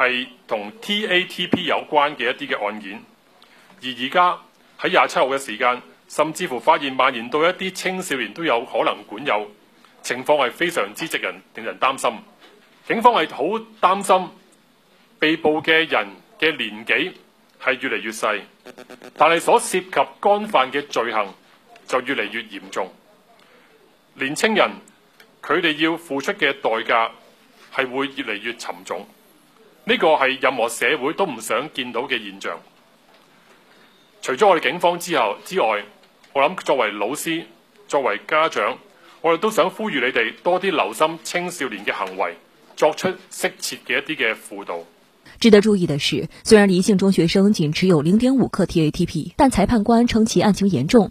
係同 TATP 有關嘅一啲嘅案件，而而家喺廿七號嘅時間，甚至乎發現蔓延到一啲青少年都有可能管有情況，係非常之直人令人擔心。警方係好擔心被捕嘅人嘅年紀係越嚟越細，但係所涉及干犯嘅罪行就越嚟越嚴重。年輕人佢哋要付出嘅代價係會越嚟越沉重。呢個係任何社會都唔想見到嘅現象。除咗我哋警方之後之外，我諗作為老師、作為家長，我哋都想呼籲你哋多啲留心青少年嘅行為，作出適切嘅一啲嘅輔導。值得注意的是，雖然離性中學生僅持有零點五克 TATP，但裁判官稱其案情嚴重。